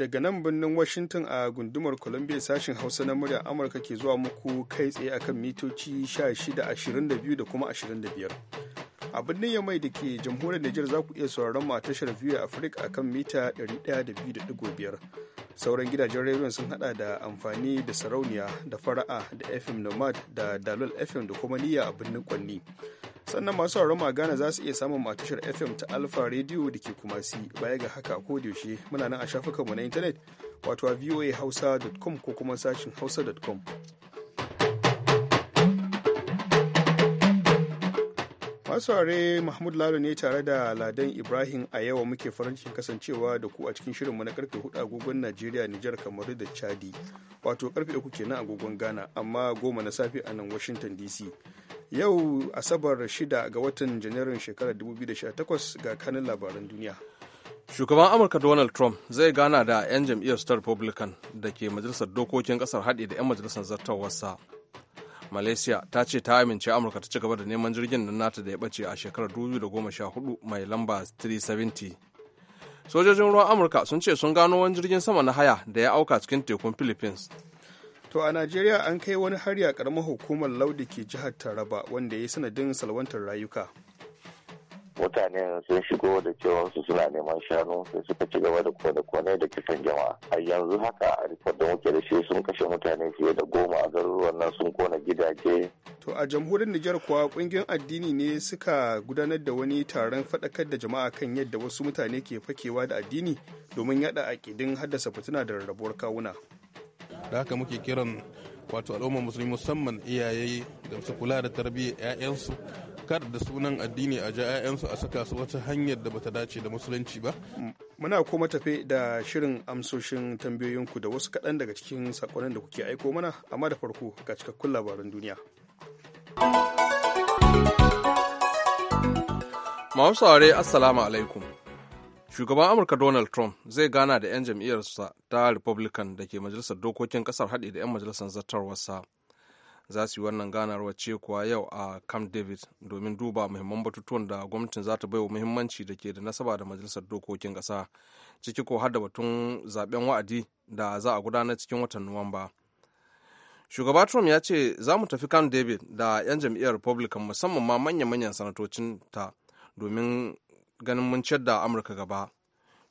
daga nan birnin washington a gundumar columbia sashen hausa na murya amurka ke zuwa muku kai tsaye akan mitoci 16 22 da kuma 25 a birnin yamai da ke jamhuriyar Nijar za ku iya sauraron mu a tashar View Africa a kan mita 102.5 sauran gidajen rediyon sun hada da amfani da sarauniya da fara'a da FM Nomad da Dalol FM da kuma niyya a birnin Kwanni sannan masu sauraron mu a Ghana za su iya samun a tashar FM ta alfa rediyo da ke Kumasi baya ga haka ko yaushe muna nan a shafukanmu na intanet wato a voahausa.com ko kuma sashin hausa.com masuware mahmud lalo ne tare da ladan ibrahim a yawa muke farin cikin kasancewa da ku a cikin shirinmu na karfe 4 agogon najeriya nijar kamaru da chadi wato karfe uku kenan agogon ghana amma goma na safe a nan washington dc yau asabar shida ga watan janairun shekarar 2018 ga kanin labaran duniya shugaban amurka donald trump zai gana da 'yan jam'iyyar republican da ke majalisar dokokin kasar haɗe da 'yan majalisar zartawarsa malaysia ta ce ta amince amurka ta ci gaba da neman jirgin nan nata da ya bace a shekarar 2014 mai lamba 370 sojojin ruwan amurka sun ce sun gano wani jirgin sama na haya da ya auka cikin tekun philippines to a najeriya an kai wani hari a karamar hukumar laudi ke jihar taraba wanda ya yi sanadin salwantar rayuka mutane sun shigo da cewa su suna neman shanu sai suka ci gaba da kone-kone da kisan jama'a a yanzu haka a rikon da muke da shi sun kashe mutane fiye da goma a garuruwan nan sun kona gidaje to a jamhuriyar nijar kuwa kungiyar addini ne suka gudanar da wani taron fadakar da jama'a kan yadda wasu mutane ke fakewa da addini domin yada akidin haddasa fitina da rarrabuwar kawuna da haka muke kiran wato al'umma musulmi musamman iyaye da su kula da tarbiyyar 'ya'yansu kar da sunan addini a ja 'ya'yansu a saka su wata hanyar da bata dace da musulunci ba muna kuma tafe da shirin amsoshin tambayoyinku da wasu kaɗan daga cikin saƙonin da kuke aiko mana amma da farko ga cikakkun labaran duniya masu saurare assalamu alaikum shugaban amurka donald trump zai gana da 'yan jam'iyyarsa ta republican da ke majalisar dokokin kasar haɗe da 'yan majalisar zartarwarsa za su yi wannan ganar ce kuwa yau a camp david domin duba muhimman batutuwan da gwamnatin za ta baiwa muhimmanci da ke da nasaba da majalisar dokokin kasa ciki ko har da batun zaben wa'adi da za a gudanar cikin watan nuwamba shugaba trump ya ce za mu tafi camp david da 'yan jam'iyyar republican musamman ma manya-manyan sanatocin ta domin ganin mun ciyar da amurka gaba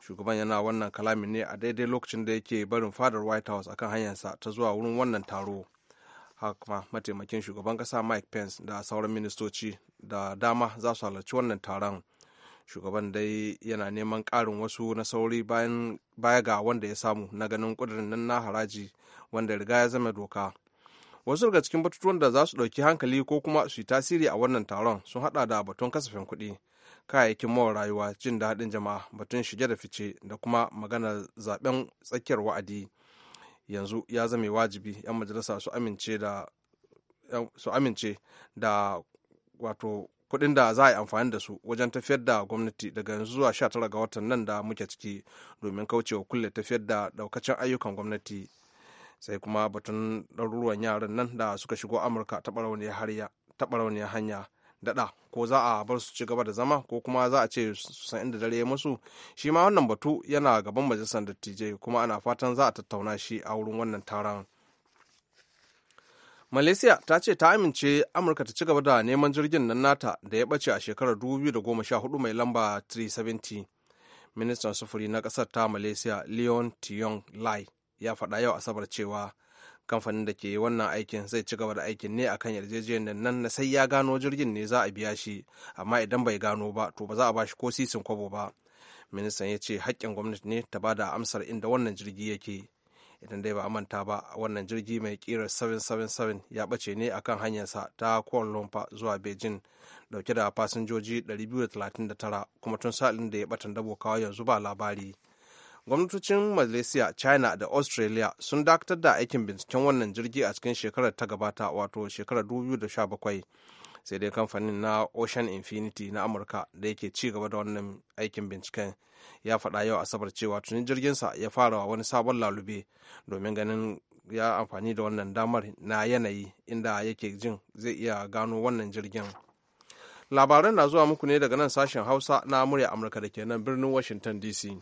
shugaban yana wannan kalamin ne a daidai lokacin da yake barin fadar white house akan hanyarsa ta zuwa wurin wannan taro haka mataimakin shugaban kasa mike pence da sauran ministoci da dama za su halarci wannan taron shugaban dai yana neman ƙarin wasu na sauri baya ga wanda ya samu na ganin ƙudurin nan na haraji wanda riga ya zama doka wasu daga cikin batutuwan da za su ɗauki hankali ko kuma su yi tasiri a wannan taron sun haɗa da batun kasafin kuɗi kayayyakin mawa rayuwa jin daɗin jama'a batun shige da fice da kuma maganar zaben tsakiyar wa'adi yanzu ya zame wajibi 'yan majalisa su amince da wato kuɗin da za a yi amfani da su wajen tafiyar da gwamnati daga yanzu zuwa 19 ga watan nan da muke ciki domin kaucewa kulle tafiyar da daukacin ayyukan gwamnati sai kuma batun ɗaruruwan yaran nan da suka shigo amurka ta barauniyar hanya daɗa ko za a bar su ci gaba da zama ko kuma za a ce su san inda dare ya musu shi ma wannan batu yana gaban majalisar dattijai kuma ana fatan za a tattauna shi a wurin wannan taron malaysia ta ce ta amince amurka ta ci gaba da neman jirgin nan nata da ya ɓace a shekarar 2014 mai lamba 370 ministan sufuri na ƙasar ta malaysia leon tiong lai ya faɗa yau asabar cewa kamfanin da ke wannan aikin zai ci gaba da aikin ne akan yarjejeniyar nan na sai ya gano jirgin ne za a biya shi amma idan bai gano ba to ba za a ba shi ko sisin kwabo ba ministan ya ce haƙƙin gwamnati ne ta ba da amsar inda wannan jirgi yake idan dai ba a manta ba wannan jirgi mai kirar 777 ya bace ne akan hanyarsa ta Kuala Lumpur zuwa Beijing dauke da fasinjoji 239 kuma tun sa'ilin da ya batan dabo kawo yanzu ba labari. gwamnatocin malaysia china da australia sun dakatar da aikin binciken wannan jirgi a cikin shekarar ta gabata wato shekarar 2017 sai dai kamfanin na ocean infinity na amurka da yake ci gaba da wannan aikin binciken ya faɗa yau asabar cewa tuni jirginsa ya fara wani sabon lalube domin ganin ya amfani da wannan damar na yanayi inda yake jin zai iya gano wannan jirgin labaran na zuwa muku ne daga nan sashen hausa na murya amurka da ke nan birnin washington dc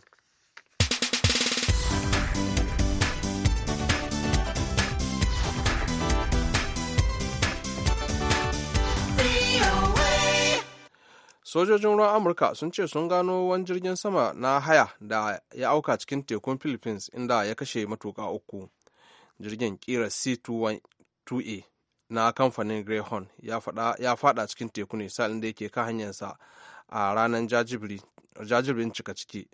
sojojin ruwan amurka sun ce sun gano wani jirgin sama na haya da ya auka cikin tekun philippines inda ya kashe matuka uku jirgin kira c2a na kamfanin greyhorn ya fada cikin teku ne sa'in da yake ka hanyarsa a ranar jajibirin cika ciki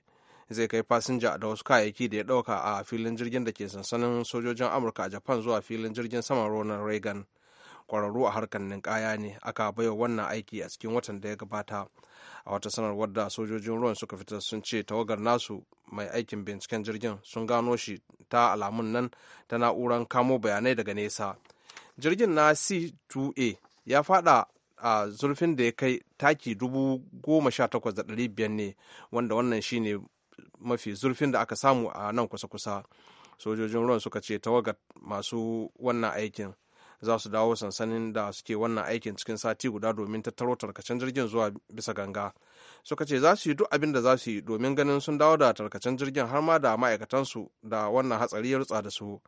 zai kai fasinja da wasu kayayyaki da ya dauka a filin jirgin da ke sansanin sojojin amurka a japan zuwa filin jirgin saman ronald reagan kwararru a harkar ninkaya ne aka baiwa wannan aiki a cikin watan da ya gabata a wata sanarwar da sojojin ruwan suka fitar sun ce tawagar nasu mai aikin binciken jirgin sun gano shi ta alamun nan ta na'urar kamo bayanai daga nesa jirgin na c2a ya fada a zurfin da ya kai taki dubu goma sha takwas da ɗari biyar ne wanda wannan shine mafi zurfin da aka samu a nan kusa-kusa sojojin ruwan suka ce tawagar masu wannan aikin za su dawo sansanin da suke wannan aikin cikin sati guda domin tattaro tarkacen jirgin zuwa bisa ganga suka ce za su yi duk abin da za su yi domin ganin sun dawo da tarkacen jirgin har ma da ma'aikatansu da wannan hatsari ya rutsa da su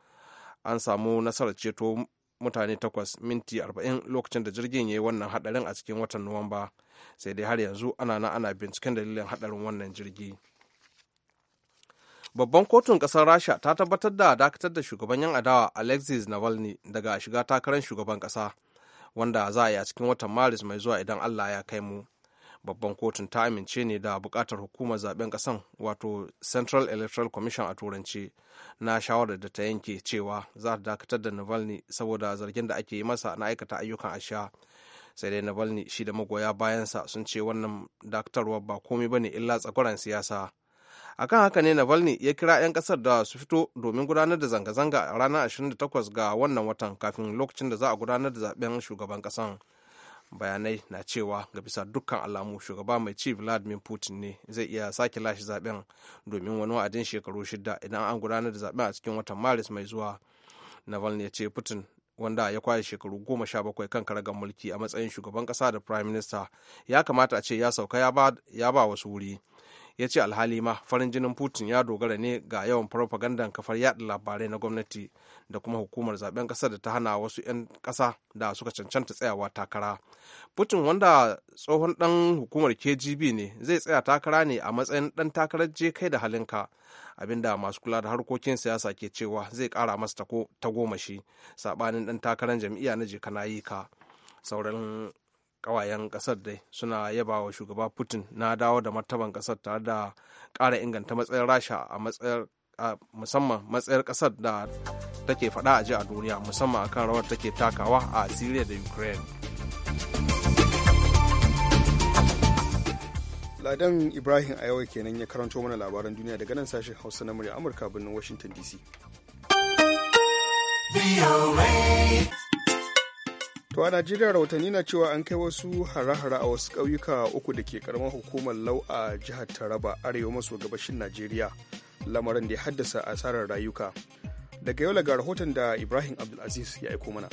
an samu nasarar ceto mutane takwas minti arba'in lokacin da jirgin ya yi wannan hadarin a cikin watan nuwamba sai dai har yanzu ana na ana binciken dalilin hadarin wannan jirgi. babban kotun ƙasar rasha ta tabbatar da dakatar da shugaban yan adawa alexis navalny daga shiga takarar shugaban ƙasa wanda za a yi a cikin watan maris mai zuwa idan allah ya kai mu babban kotun ta amince ne da bukatar hukumar zaben kasan wato central electoral commission a turanci na shawarar da ta yanke cewa za ta dakatar da navalny saboda zargin da ake yi masa na aikata ayyukan asha sai dai navalny shi da magoya bayansa sun ce wannan dakatarwa ba komai bane illa tsakwaran siyasa akan haka ne navalny ya kira 'yan kasar da su fito domin gudanar da zanga-zanga a ranar 28 ga wannan watan kafin lokacin da za a gudanar da zaben shugaban kasan bayanai na cewa ga bisa dukkan alamu shugaba mai ci vladimir putin ne zai iya sake lashe zaben domin wani wa'adin shekaru shida idan an gudanar da zaben a cikin watan maris mai zuwa navalny ya ce putin wanda ya kwashe shekaru goma sha bakwai kan karagar mulki a matsayin shugaban kasa da prime minister ya kamata a ce ya sauka ya ba wasu wuri ya ce alhali ma farin jinin putin ya dogara ne ga yawan farfagandan kafar yada labarai na gwamnati da kuma hukumar zaben kasar da ta hana wasu 'yan kasa da suka cancanta tsayawa takara putin wanda tsohon dan hukumar kgb ne zai tsaya takara ne a matsayin dan takarar je kai da halinka abinda masu kula da harkokin siyasa ke cewa zai kara masa tagomashi sabanin dan takarar jam'iyya na yi ka sauran kawayen kasar dai suna yaba wa shugaba putin na dawo da martaban kasar tare da ƙara inganta matsayin rasha a matsayar musamman matsayar kasar da take fada a ji a duniya musamman akan rawar take takawa a syria da ukraine ladan ibrahim a yau kenan ya karanto mana labaran duniya daga nan sashen hausa na murya amurka birnin washington dc To a Najeriya rahotanni na cewa an kai wasu hare-hare a wasu ƙauyuka uku da ke karamar hukumar lau a jihar Taraba arewa maso gabashin Najeriya lamarin da ya haddasa asarar rayuka. Daga yau ga rahoton da Ibrahim Abdulaziz ya aiko mana.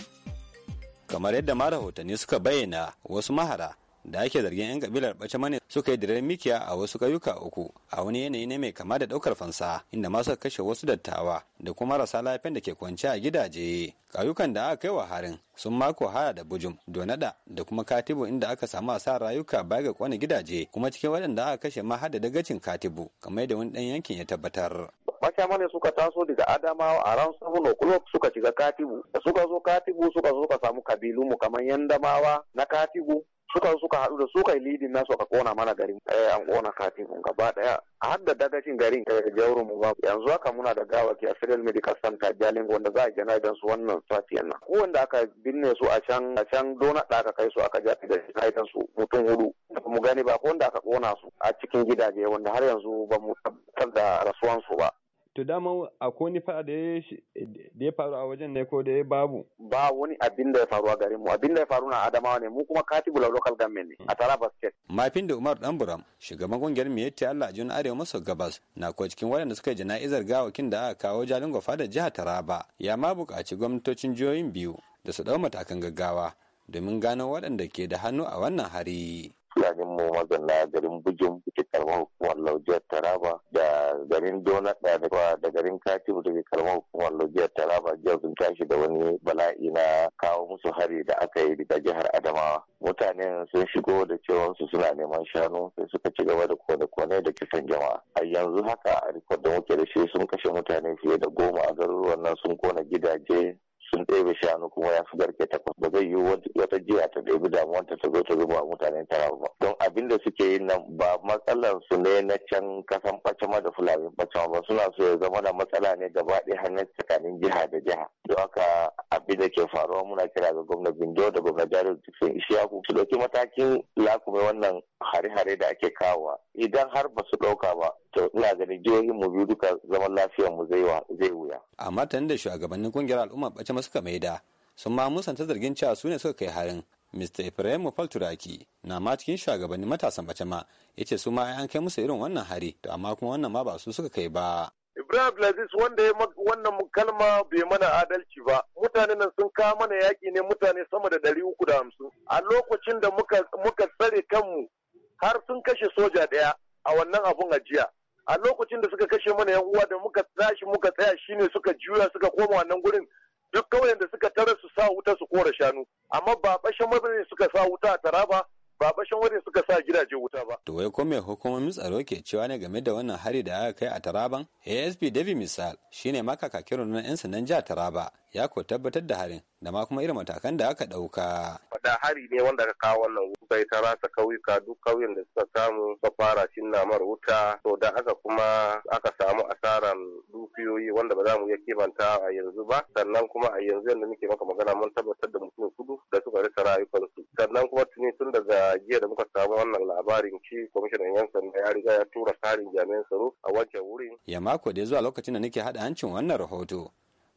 Kamar yadda ma rahotanni suka bayyana wasu mahara da ake zargin 'yan kabilar bace mane suka yi diren mikiya a wasu ƙauyuka uku a wani yanayi ne mai kama da ɗaukar fansa inda masu kashe wasu dattawa da kuma marasa lafiyan da ke kwance a gidaje ƙauyukan da aka kai wa harin sun mako haya da bujum donada da kuma katibu inda aka samu a sa rayuka baya ga kone gidaje kuma cikin waɗanda aka kashe ma hada da dagacin katibu kamar da wani ɗan yankin ya tabbatar. Mashama mane suka taso daga Adamawa a ran Sabon O'Clock suka shiga Katibu. Da suka zo Katibu suka zo ka samu kabilu mu kamar Yandamawa na Katibu suka suka haɗu da suka lidin nasu ka kona mana garin eh, an kona katifin gaba ɗaya. har da dagacin garin ta eh, jawurin mu ba yanzu haka muna da gawaki a Federal Medical Center Jalingo wanda za a gina idan su wannan safiyan nan ko wanda aka binne su a can a can dona da aka kai su aka ja da idan su mutum hudu mu gani ba ko wanda aka kona su a cikin gidaje wanda har yanzu ba mu tabbatar da rasuwan su ba to a akwai wani faɗa da ya faru a wajen ne ko da ya babu ba wani abin da ya faru a garinmu. mu abin da ya faru na adamawa ne mu kuma katibu la local government ne a taraba state mafin da umar buram shugaban kungiyar miyetti allah jun arewa maso gabas na kuwa cikin waɗanda suka yi jana'izar gawakin da aka kawo jalin gwafa da jihar taraba ya ma buƙaci gwamnatocin jihohin biyu da su ɗau matakan gaggawa domin gano waɗanda ke da hannu a wannan hari tunanin mu magana garin Bujum da karamar hukumar Laujiyar Taraba da garin Donat da garin Katibu da karamar hukumar Laujiyar Taraba jiya sun tashi da wani bala'i na kawo musu hari da aka yi daga jihar Adamawa. Mutanen sun shigo da cewansu suna neman shanu sai suka ci gaba da kone-kone da kisan jama'a. A yanzu haka a rikodin da muke da shi sun kashe mutane fiye da goma a garuruwan nan sun kona gidaje sun ɗebe shanu kuma ya su garke takwas ba zai yi wata jiya ta ɗebi damuwanta ta zo ta zuba mutane tara ba don abin da suke yi nan ba matsalar su ne na can kasan bacama da fulani bacama ba suna so ya zama da matsala ne gaba ɗaya hannun tsakanin jiha da jiha don haka abin da ke faruwa muna kira ga gwamnati bindo da gwamnatin jihar dukkan ishaku su ɗauki matakin lakume wannan hare-hare da ake kawowa idan har ba su ɗauka ba to ina ganin jihohin mu biyu duka zaman lafiyar mu zai wuya. a martanin da shugabannin kungiyar al'umma bace suka maida sun ma musanta zargin cewa su ne suka kai harin mr ibrahim falturaki na ma cikin shugabannin matasan bace ma ya ce su ma an kai musu irin wannan hari to amma kuma wannan ma ba su suka kai ba. Ibrahim Abdulaziz wanda ya wannan kalma bai mana adalci ba. Mutane nan sun kawo mana yaƙi ne mutane sama da ɗari uku da hamsin. A lokacin da muka, muka tsare kanmu har sun kashe soja ɗaya a wannan abun ajiya. a lokacin da suka kashe mana yan uwa da muka tashi muka tsaya shine suka juya suka koma wannan gurin duk kauyen da suka tara su sa wuta su kora shanu amma ba bashin mabiri suka sa wuta a taraba ba bashin wani suka sa gidaje wuta ba. To wai ko me hukumomin tsaro ke cewa ne game da wannan hari da aka kai a Taraban? ASP David Misal shine makakakin 'yansa 'yan sandan jihar Taraba ya ko tabbatar da harin da ma kuma irin matakan da aka ɗauka. Da hari ne wanda ka kawo wannan bai ta rasa kauyuka duk kauyen da suka samu ba fara cinna mar wuta to da aka kuma aka samu asaran dukiyoyi wanda ba za mu iya kimanta a yanzu ba sannan kuma a yanzu yadda muke maka magana mun tabbatar da mutum kudu da suka rasa rayukansu sannan kuma tuni tun daga jiya da muka samu wannan labarin ci kwamishinan yan sanda ya riga ya tura tsarin jami'an tsaro a wancan wurin. Ya mako da ya zuwa lokacin da nake haɗa hancin wannan rahoto.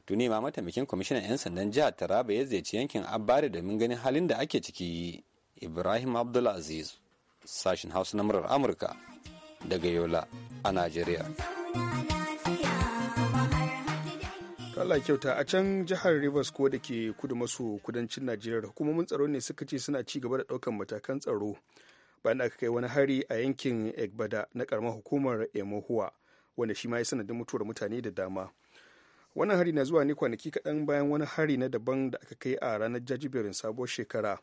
tuni ma mataimakin kwamishinan 'yan sandan jihar taraba ya ziyarci yankin abbare domin ganin halin da ake ciki ibrahim abdulaziz sashen hausa na murar amurka daga yola a najeriya Allah kyauta a can jihar Rivers ko da ke kudu maso kudancin Najeriya hukumomin tsaro ne suka ce suna ci gaba da ɗaukan matakan tsaro bayan aka kai wani hari a yankin Egbada na karamar hukumar Emohua wanda shi ma ya sanadin mutuwar mutane da dama. wannan hari na zuwa ne kwanaki kaɗan bayan wani hari na daban da aka kai a ranar jajiberin sabuwar shekara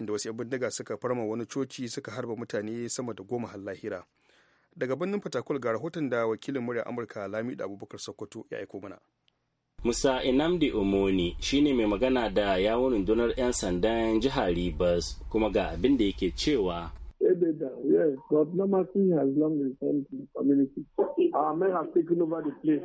inda wasu 'yan bindiga suka farma wani coci suka harba mutane sama da goma har lahira daga birnin fatakul ga rahoton da wakilin murya amurka lami da abubakar sokoto ya aiko mana Musa Inamdi Omoni shine mai magana da yawon rundunar 'yan sandan jihar Ribas kuma ga abin da yake cewa. Yes, but has long returned to the community. Our men have taken over the place.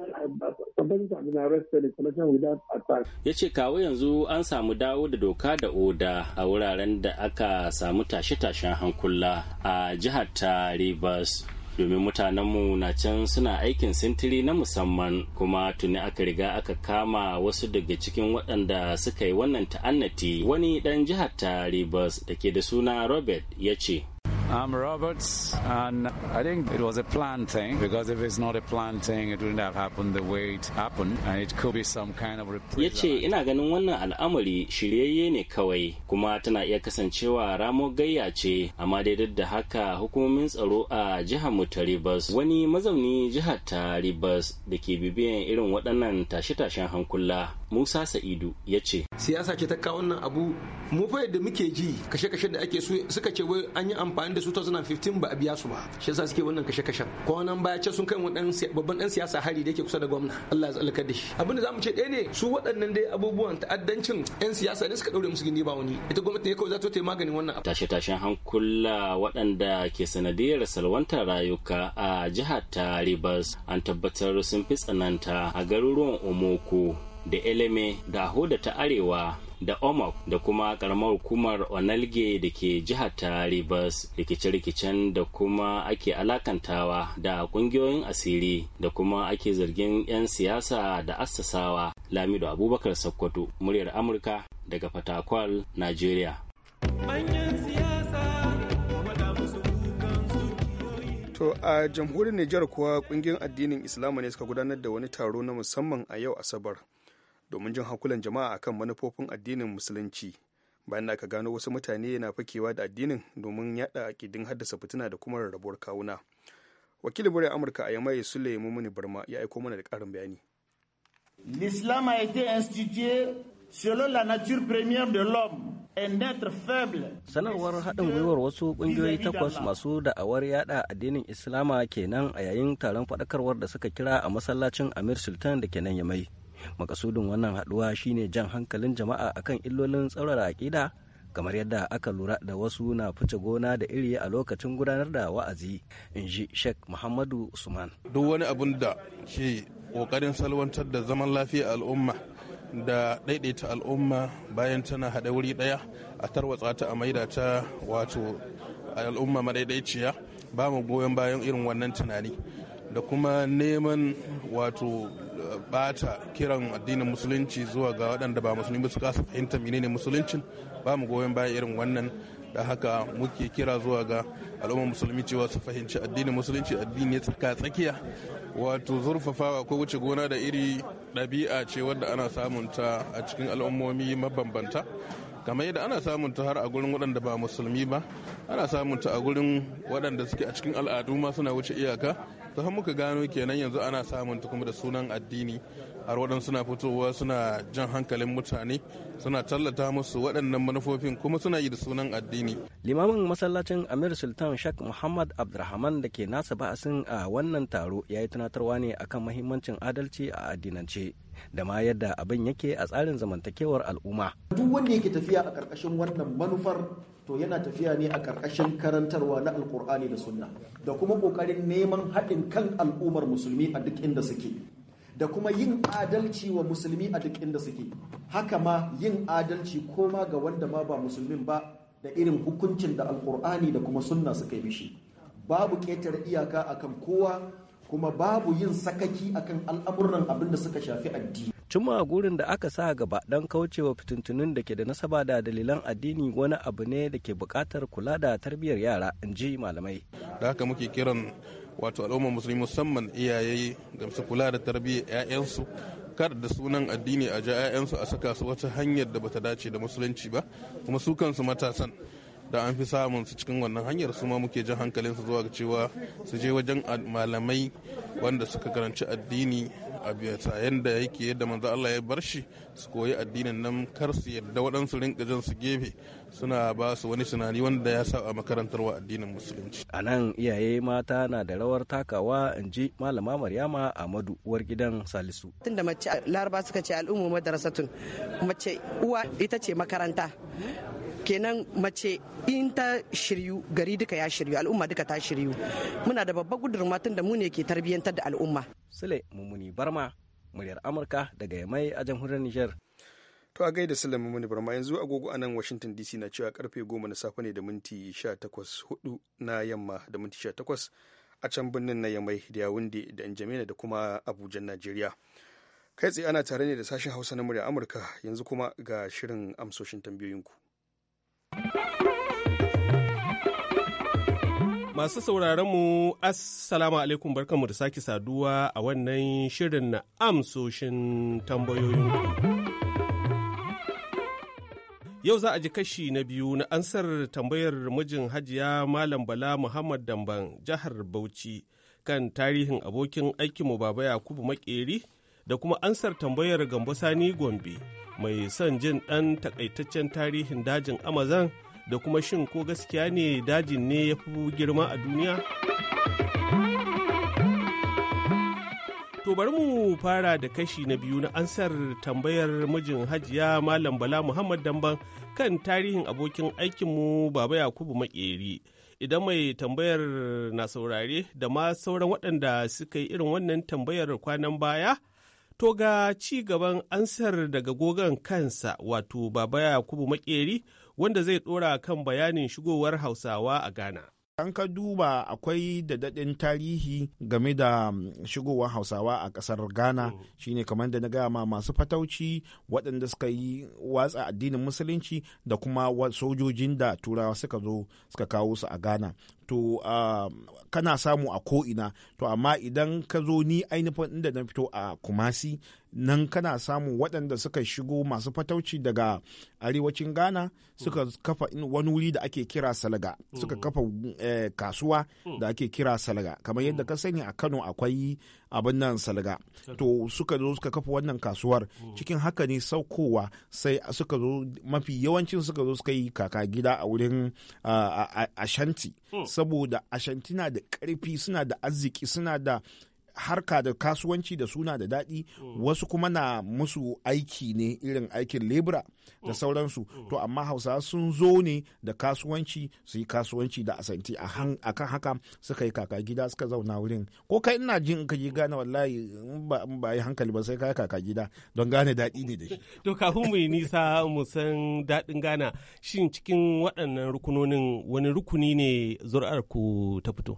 Somebody have been arrested in connection with that attack. Ya ce kawo yanzu an samu dawo da doka da oda a wuraren da aka samu tashe-tashen hankula a jihar ta Rivers. domin mutanenmu na can suna aikin sintiri na musamman kuma tuni aka riga aka kama wasu daga cikin waɗanda suka yi wannan ta'annati wani ɗan jihar ta Rivers da ke da suna Robert ya ce I'm Roberts, and I think it was a planned thing because if it's not a planned thing, it wouldn't have happened the way it happened, and it could be some kind of reprisal. Yace ina ganin wannan al'amari shiryayye ne kawai kuma tana iya kasancewa ramo gayya ce amma dai duk da haka hukumomin tsaro a jihar mu ta Rivers wani mazauni jihar ta Rivers da ke bibiyan irin waɗannan tashe-tashen hankula Musa Sa'idu ya ce. Siyasa ce ta kawo wannan abu mu fa yadda muke ji kashe kashe da ake suka ce wai an yi amfani da su 2015 ba a biya su ba shi yasa suke wannan kashe-kashen kwanan baya ce sun kai wani babban dan siyasa hari da yake kusa da gwamna Allah ya tsalka da shi da zamu ce ɗaya ne su waɗannan dai abubuwan ta'addancin yan siyasa ne suka daure musu gindi ba wani ita gwamnati ne kawai za ta yi maganin wannan abu tashe-tashen hankula waɗanda ke sanadiyar salwantar rayuka a jihar Taribas an tabbatar sun fi tsananta a garuruwan Omoko da eleme da hoda ta arewa da omok da kuma karamar hukumar onalge da ke jihar ta rivers rikice-rikicen da kuma ake alakantawa da ƙungiyoyin asiri da kuma ake zargin 'yan siyasa da assasawa lamido abubakar sokoto muryar amurka daga fatakwal nigeria To a jamhuriyar Nijar kuwa kungiyar addinin Islama ne suka gudanar da wani taro na musamman a yau Asabar. domin jin hankulan jama'a akan manufofin addinin musulunci bayan da aka gano wasu mutane na fakewa da addinin domin yada akidin haddasa fitina da kuma rarrabuwar kawuna wakilin muryar amurka a yamai sule barma ya aiko mana da karin bayani l'islam a été institué selon la nature première de l'homme Sanarwar haɗin gwiwar wasu ƙungiyoyi takwas masu da'awar yada addinin Islama kenan a yayin taron faɗakarwar da suka kira a masallacin Amir Sultan da kenan Yamai. makasudin wannan haduwa shine jan hankalin jama'a akan illolin tsaurara aƙida kamar yadda aka lura da wasu na fice gona da iri a lokacin gudanar da wa'azi in ji sheikh muhammadu usman duk wani abun da ke kokarin salwantar da zaman lafiya al'umma da daidaita al'umma bayan tana haɗe wuri ɗaya a tarwatsa ta a maida ta wato al'umma madaidaiciya ba mu goyon bayan irin wannan tunani da kuma neman wato eh, bata kiran addinin musulunci zuwa ga waɗanda ba musulmi ba su kasa fahimtar menene musuluncin ba mu goyon baya irin wannan da haka muke kira zuwa ga al'ummar musulmi cewa su fahimci addinin musulunci addini tsaka tsakiya wato zurfafawa ko wuce gona da iri ɗabi'a ce wadda ana samunta a cikin al'ummomi mabambanta kamar yadda ana samun ta har a gurin waɗanda ba musulmi ba ana samun ta a gurin waɗanda suke a cikin al'adu ma suna wuce iyaka ta muka gano kenan yanzu ana samun kuma da sunan addini har waɗansu suna fitowa suna jan hankalin mutane suna tallata musu waɗannan manufofin kuma suna yi da sunan addini. limamin masallacin amir sultan shak muhammad abdurrahman da ke nasa ba'asin a wannan taro ya yi tunatarwa ne akan mahimmancin adalci a addinance da ma yadda abin yake a tsarin zamantakewar al'umma. duk wanda yake tafiya a ƙarƙashin wannan manufar to yana tafiya ne a ƙarƙashin karantarwa na alƙur'ani da sunna da kuma ƙoƙarin neman haɗin kan al'ummar musulmi a duk inda suke da kuma yin adalci wa musulmi a duk inda suke haka ma yin adalci koma ga wanda ma ba musulmin ba da irin hukuncin da alƙur'ani da kuma sunna suka yi mishi babu ƙetare iyaka akan kowa kuma babu yin sakaki akan al'amuran abin da suka shafi addini cimma gurin da aka sa gaba dan kaucewa fitintunin da ke da nasaba da dalilan addini wani abu ne da ke buƙatar kula da tarbiyyar yara in ji malamai da haka muke kiran wato al'ummar musulmi musamman iyaye da su kula da tarbiyyar 'ya'yansu kar da sunan addini a ja 'ya'yansu a saka su wata hanyar da bata dace da musulunci ba kuma su kansu matasan da an fi samun su cikin wannan hanyar su ma muke jan hankalin su zuwa ga cewa su je wajen malamai wanda suka karanci addini a bisa yadda yake yadda manzo Allah ya bar shi su koyi addinin nan kar su yadda waɗansu rinka jan su gefe suna ba su wani tunani wanda ya sa a makarantar wa addinin musulunci a nan iyaye mata na da rawar takawa in ji malama maryama amadu uwar gidan salisu da mace laraba suka ce al'ummu madarasatun mace uwa ita ce makaranta kenan mace in ta shiryu gari duka ya shiryu al'umma duka ta shiryu muna da babbar gudunmawa tun da mu ne ke tarbiyyantar da al'umma sule mumuni barma muryar amurka daga yamai a jamhuriyar niger to a gaida sule mumuni barma yanzu agogo a nan washington dc na cewa karfe goma na safe ne da minti 18 hudu na yamma da minti 18 a can birnin na yamai da yawunde da njamena da kuma Abuja, najeriya kai tsaye ana tare ne da sashen hausa na murya amurka yanzu kuma ga shirin amsoshin tambayoyinku Masu sauraron mu Assalamu alaikum barkanmu da sake saduwa a wannan shirin na amsoshin tambayoyin. Yau za a ji kashi na biyu na ansar tambayar mijin hajiya Malam Bala Muhammad Damban jihar Bauchi kan tarihin abokin aikinmu Baba Yakubu Makeri da kuma ansar tambayar Gambo Sani Gombe. mai son jin ɗan takaitaccen tarihin dajin amazon da kuma shin ko gaskiya ne dajin ne ya fi girma a duniya? To bari mu fara da kashi na biyu na ansar tambayar mijin hajiya Malam Bala Muhammad Damban kan tarihin abokin aikinmu Baba Yakubu Makeri. Idan mai tambayar na saurare da ma sauran waɗanda suka yi irin wannan tambayar kwanan baya, To ga ci gaban ansar daga gogon kansa wato Baba Yakubu Makeri wanda zai ɗora kan bayanin shigowar Hausawa a Ghana. An ka duba akwai da daɗin tarihi game da mm, shigowar Hausawa a ƙasar Ghana mm. shine kamar da na gaya ma masu fatauci waɗanda suka yi watsa addinin musulunci da kuma sojojin da turawa suka zo suka kawo su a Ghana. To kana samu a ko'ina to amma idan ka zo ni ainihin da na fito a Kumasi nan kana samu waɗanda suka shigo masu fatauci daga arewacin ghana suka mm. kafa wani wuri da ake kira salaga suka mm. kafa eh, kasuwa mm. da ake kira salga kamar yadda ka sani a kano akwai abin nan salga to suka zo suka kafa wannan kasuwar cikin haka ne saukowa sai suka zo mafi yawancin suka zo suka yi kaka gida a wurin ashanti saboda ashanti na da karfi suna da arziki suna da harka da kasuwanci da suna da daɗi mm. wasu kuma na musu aiki ne irin aikin lebura da mm. sauransu mm. to amma hausa sun zo ne da kasuwanci su yi kasuwanci da asanti a kan haka suka yi kaka gida suka zauna wurin ko kai ina jin ka gane wallahi ba yi hankali ba sai ka kaka gida don gane daɗi ne da shi to kafin mu yi nisa mu san daɗin gana shin cikin waɗannan rukunonin wani rukuni ne zuri'ar ku ta fito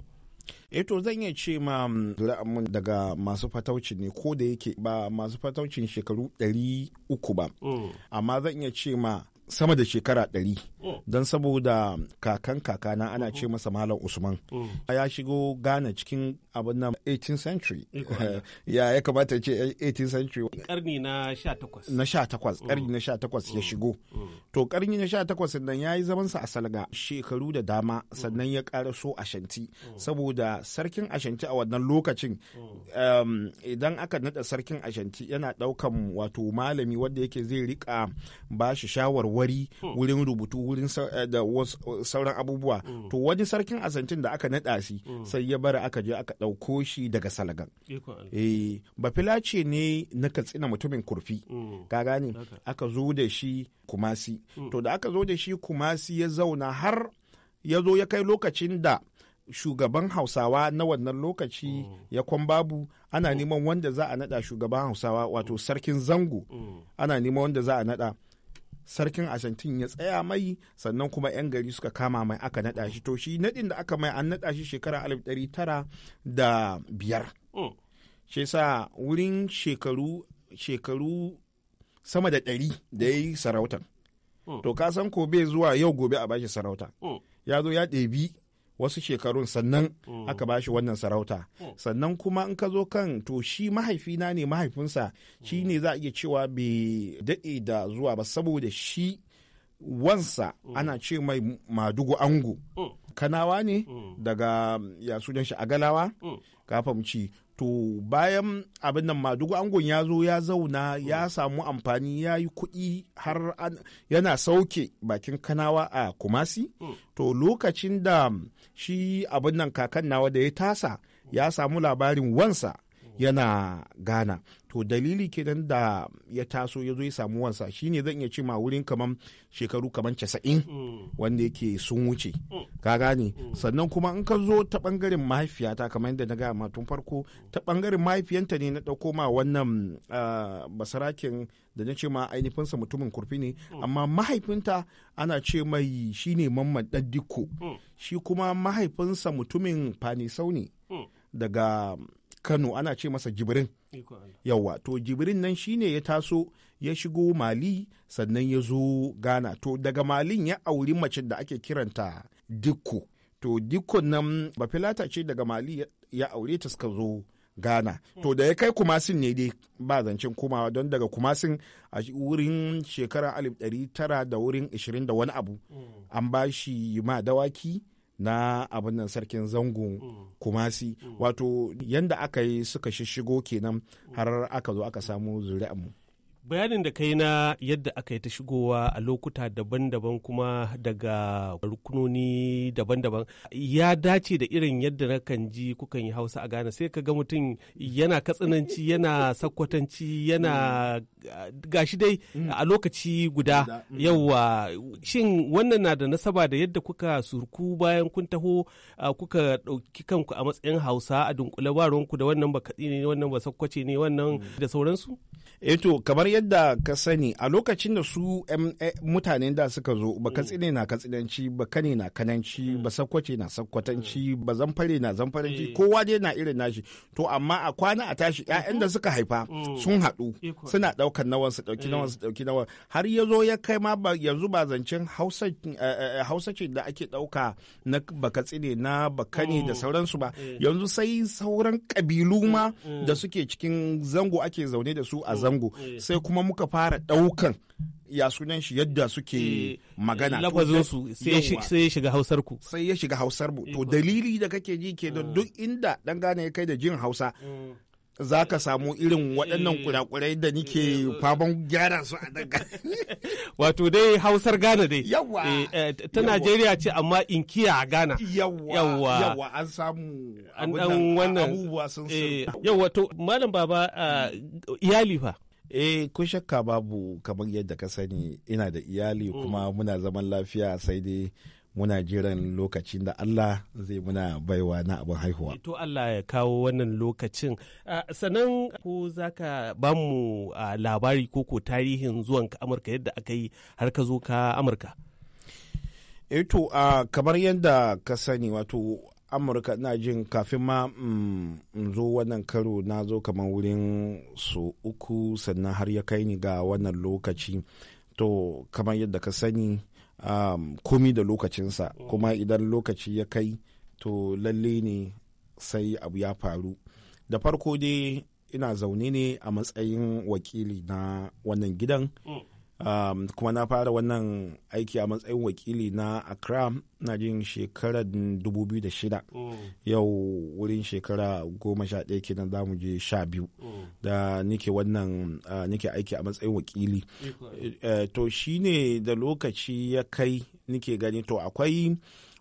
eh to zan iya ce ma mm, ra'amun daga masu fatauci ne ko da yake ba masu fataucin shekaru ɗari uku ba mm. amma zan iya ce ma sama da shekara ɗari oh. don saboda kakan kakana ana ce masa malam usman oh. ya shigo ghana cikin abin nan 18th century eh, ya ya kamata ce 18th century ƙarni na 18 ƙarni na 18 ya shigo to ƙarni na 18 sannan ya yi zamansa a salga shekaru da dama sannan ya ƙara karaso ashanti saboda sarkin ashanti a wannan lokacin um, idan aka nada sarkin ashanti yana ɗaukan wato malami wanda yake zai rika shi shawarwari Wari hmm. wurin rubutu wurin eh, da sauran abubuwa hmm. to wani sarkin asantin da aka naɗa shi hmm. sai ya bari aka je aka ɗauko shi daga salagan eh bafilace ne na katsina mutumin kurfi ka gane aka zo da shi kumasi to da aka zo da shi kumasi ya zauna har ya zo ya kai lokacin da shugaban hausawa na wannan lokaci ya kwan babu ana neman wanda za a nada shugaban hausawa wato sarkin zango ana neman wanda za a nada sarkin Argentin ya tsaya mai sannan kuma 'yan gari suka kama mai aka naɗa shi to shi naɗin da aka mai an naɗa shi shekara alif ɗari tara da biyar. Oh. Shi sa wurin shekaru shekaru sama da ɗari da ya yi sarautar. Oh. To ka san ko bai zuwa yau gobe a bashi sarauta. Oh. Ya zo ya ɗebi wasu shekarun sannan mm. aka ba shi wannan sarauta mm. sannan kuma in ka zo kan to shi mahaifina ne mahaifinsa shi mm. ne za a iya cewa bai daɗe da zuwa ba saboda shi wansa ana ce mai madugu angu kanawa ne daga ya sunan shi agalawa ka fahimci to bayan abin nan madugu angon ya zo ya zauna ya samu amfani ya yi kuɗi har yana sauke bakin kanawa a kumasi to lokacin da shi abin nan kakan nawa da ya tasa ya samu labarin wansa yana Ghana. To dalili kenan da ya taso ya zo ya samu wansa shine zan iya ce ma wurin kaman shekaru kaman casa'in mm. wanda yake sun wuce. Mm. Ka gane? Mm. Sannan kuma in ka zo ta bangaren mahaifiyata kamar yadda na gaya tun farko ta bangaren mahaifiyanta ne na ɗauko ma wannan ah, basarakin da na ce ma ainihinsa mutumin kurfi ne amma mahaifinta ana ce mai shine mamman ɗaddiko shi kuma mahaifinsa mutumin fanisau ne daga kano ana ce masa jibrin yawa to jibrin nan shine ya taso ya shigo mali sannan ya zo ghana to daga malin ya auri mace da ake kiranta dikko to dikko nan bafilata ce daga mali ya aure ta suka zo ghana to da ya kai kumasin ne dai ba zancen komawa don daga kumasin a wurin shekara 1900 da wurin 20 da wani abu mm. an ba shi ma dawaki na abin nan sarkin zangon mm. kumasi mm. wato yadda aka yi suka shishigo kenan har aka zo aka samu zuri'anmu. mu bayanin da kai na yadda aka yi ta shigowa a lokuta daban-daban kuma daga rukunoni daban-daban ya dace da irin yadda na kan ji kukan yi hausa a ghana sai ka ga mutum yana katsananci yana sakwatanci yana mm. gashi dai mm. a lokaci guda mm. yawa shin wannan na da nasaba da yadda kuka surku bayan kun taho kuka ɗauki kanku a matsayin hausa a dunkule ba ruwanku da wannan ba katsi ne wannan ba sakwace ne wannan da sauransu eto eh kamar yadda ka sani a lokacin da su eh, mutanen da suka zo ba tsine na katsinanci ba kane na kananci hmm. ba sakwace na sakwatanci hmm. ba zamfare na zamfaranci eh. kowa dai na irin nashi to amma a kwana a tashi ƴaƴan da suka haifa oh. sun haɗu suna ɗaukar nawan su ɗauki nawan su ɗauki nawan har ya zo ya kai ma yanzu ba zancen hausa ce da ake ɗauka na tsine na bakane da oh. sauransu ba yanzu sai sauran ƙabilu ma hmm. da suke cikin zango ake zaune da su a zango eh. sai kuma muka fara ɗaukan ya sunan shi yadda suke eh, magana lafazinsu sai ya shiga hausar sai ya shiga hausar to eh, dalili da kake ji ke don duk inda dan gane ya kai da jin hausa mm. za ka samu irin waɗannan eh. kurakurai da nike faman eh, eh, gyara su a daga. Wato dai Hausar Ghana dai. Yawa. Ta Najeriya ce amma inkiya a Ghana. Yawa. an samu an dan wannan abubuwa sun Yawa to Malam Baba ah, iyali fa. Eh ko shakka babu kamar yadda ka sani ina da iyali mm. kuma muna zaman lafiya sai dai muna jiran lokacin da Allah zai muna baiwa na abin haihuwa. To Allah ya kawo wannan lokacin. Sannan ko za ka ba mu labari ko ko tarihin zuwanka Amurka yadda aka yi har ka zo ka Amurka? Eh to kamar yadda ka sani wato Amurka na jin kafin ma mm, in zo wannan karo na zo kamar wurin su uku sannan har ya kai ni ga wannan lokaci. To kamar yadda ka sani. um, komi da lokacinsa kuma idan lokaci ya kai to lalle ne sai abu ya faru da farko dai ina zaune ne a matsayin wakili na wannan gidan mm. um, kuma na fara wannan aiki a matsayin wakili na accra na jin shekarar 2006 mm. yau wurin shekara 11 kenan za mu je 12 biyu mm. da nike wannan uh, nike aiki a matsayin wakili uh, to ne da lokaci ya kai nike gani to akwai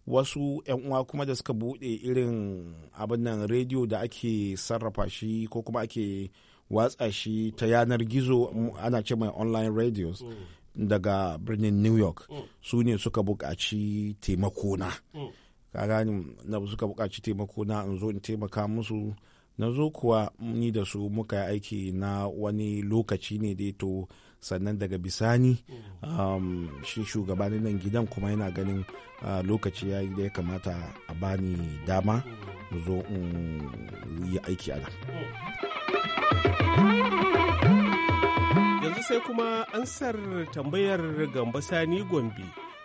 wasu 'yan uwa kuma da suka bude irin abin nan rediyo da ake sarrafa shi ko kuma ake watsa shi ta yanar gizo ana ce mai online radios mm. daga birnin new york mm. su ne suka buƙaci taimakona na mm. na suka buƙaci taimakona in zo in taimaka musu na zo kuwa ni da su muka yi aiki na wani lokaci ne dai to sannan daga bisani um, shi shugabanin nan gidan kuma yana ganin uh, lokaci ya da ya kamata a bani dama zo in yi aiki a nan. Yanzu sai kuma ansar tambayar gamba sani gombe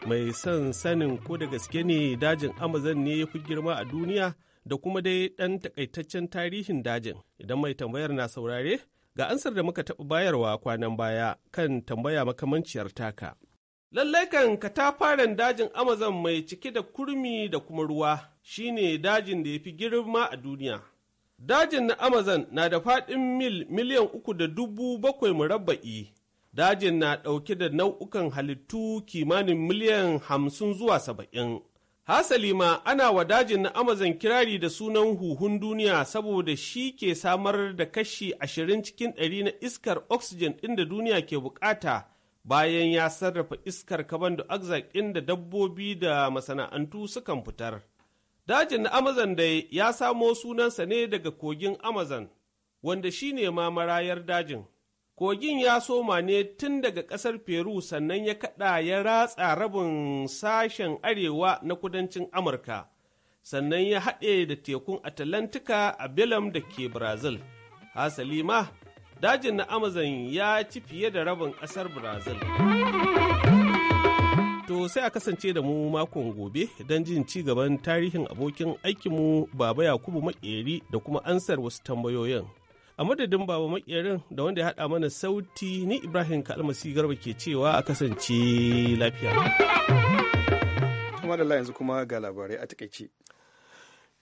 mai son sanin ko da gaske ne dajin Amazon ne ya fi girma a duniya da kuma dai ɗan takaitaccen tarihin dajin. Idan mai tambayar na saurare, ga ansar da muka taɓa bayarwa kwanan baya kan tambaya makamanciyar taka. Lallai kan katafaren dajin Amazon mai cike da kurmi da kuma ruwa shine dajin da ya fi girma a duniya. Dajin na Amazon na da faɗin mil miliyan uku da dubu bakwai murabba'i. Dajin na ɗauke da nau'ukan halittu kimanin miliyan hamsin zuwa saba'in. Hasali ma ana wa dajin na Amazon kirari da sunan huhun duniya saboda shi ke samar da kashi ashirin cikin ɗari na iskar oxygen ɗin da duniya ke bukata bayan ya sarrafa iskar carbon dioxide ɗin da dabbobi da masana'antu sukan fitar. Dajin na Amazon dai ya samo sunansa ne daga kogin Amazon, wanda shi ne ma marayar dajin. Kogin ya soma ne tun daga ƙasar Peru sannan ya kaɗa ya ratsa rabin sashen arewa na kudancin Amurka, sannan ya haɗe da tekun Atalantika a Belam da ke Brazil. Hasali ma, dajin na Amazon ya ci fiye da rabin ƙasar Brazil. sosai sai a kasance da mu makon gobe don jin ci gaban tarihin abokin aikinmu Baba Yakubu Makeri da kuma ansar wasu tambayoyin. A madadin Baba Makerin da wanda ya haɗa mana sauti ni Ibrahim Kalmasi Garba ke cewa a kasance lafiya.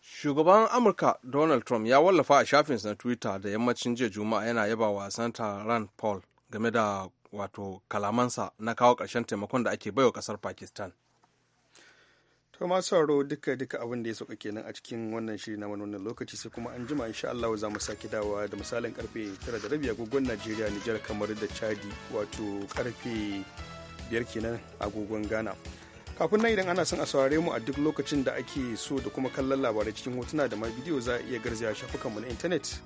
Shugaban Amurka Donald Trump ya wallafa a shafinsa na Twitter da yammacin jiya Juma'a yana yaba wa Santa Rand Paul game da wato kalamansa na kawo ƙarshen taimakon da ake baiwa ƙasar pakistan to masu duka duka abin da ya sauka kenan a cikin wannan shiri na wannan lokaci sai kuma an jima insha Allah za mu sake dawa da misalin karfe 9 da rabi agogon Najeriya Niger kamar da Chadi wato karfe 5 kenan agogon Ghana kafin nan idan ana son a saurare mu a duk lokacin da ake so da kuma kallon labarai cikin hotuna da ma bidiyo za a iya garzaya shafukanmu na intanet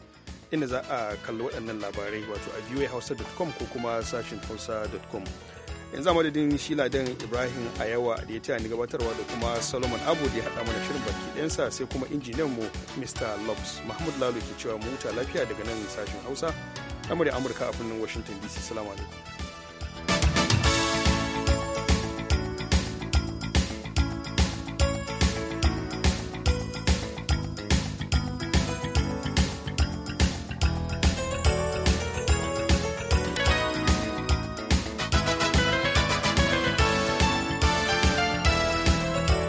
inda za a kalli waɗannan labarai wato a voahausa.com ko kuma sashin hausa.com yanzu a madadin shila dan ibrahim ayawa da ya taya ni gabatarwa da kuma solomon abu da ya haɗa mana shirin baki ɗansa sai kuma injiniyan mu mr lobs mahmud lalo ke cewa mu huta lafiya daga nan sashin hausa amurka a birnin washington dc salamu alaikum